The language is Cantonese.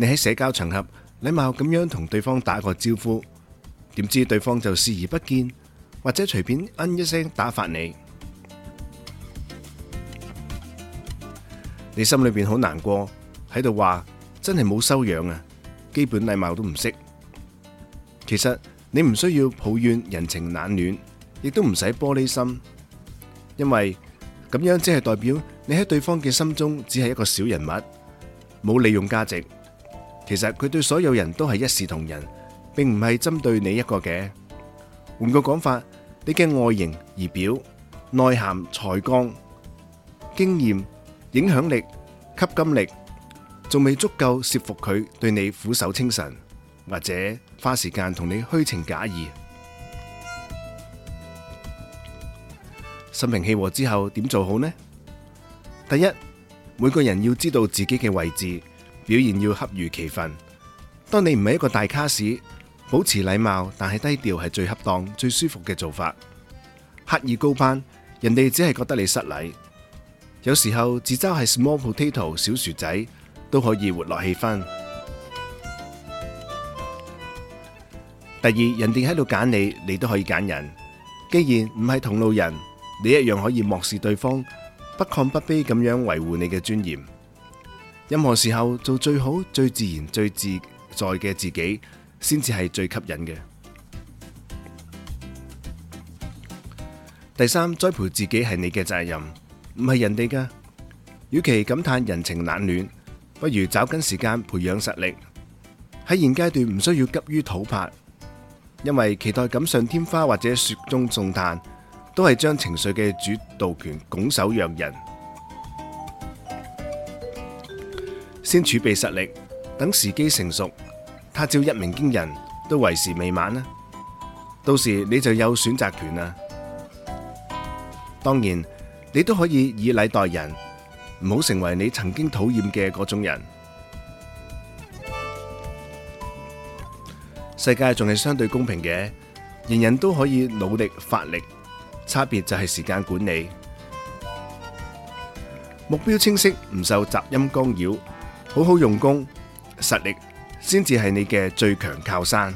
你喺社交場合禮貌咁樣同對方打個招呼，點知對方就視而不見，或者隨便嗯一聲打發你。你心裏邊好難過，喺度話真係冇修養啊，基本禮貌都唔識。其實你唔需要抱怨人情冷暖，亦都唔使玻璃心，因為咁樣只係代表你喺對方嘅心中只係一個小人物，冇利用價值。其實佢對所有人都係一視同仁，並唔係針對你一個嘅。換個講法，你嘅外形儀表、內涵、才幹、經驗、影響力、吸金力，仲未足夠攝服佢對你俯首稱臣，或者花時間同你虛情假意。心平氣和之後，點做好呢？第一，每個人要知道自己嘅位置。表現要恰如其分。當你唔係一個大卡士，保持禮貌但係低調係最恰當、最舒服嘅做法。刻意高攀，人哋只係覺得你失禮。有時候自嘲係 small potato 小薯仔都可以活絡氣氛。第二，人哋喺度揀你，你都可以揀人。既然唔係同路人，你一樣可以漠視對方，不亢不卑咁樣維護你嘅尊嚴。任何時候做最好、最自然、最自在嘅自己，先至係最吸引嘅。第三，栽培自己係你嘅責任，唔係人哋㗎。與其感嘆人情冷暖，不如抓緊時間培養實力。喺現階段唔需要急於討拍，因為期待錦上添花或者雪中送炭，都係將情緒嘅主導權拱手讓人。先儲備實力，等時機成熟，他朝一鳴驚人都為時未晚啦。到時你就有選擇權啦。當然，你都可以以禮待人，唔好成為你曾經討厭嘅嗰種人。世界仲係相對公平嘅，人人都可以努力發力，差別就係時間管理。目標清晰，唔受雜音干擾。好好用功，實力先至係你嘅最強靠山。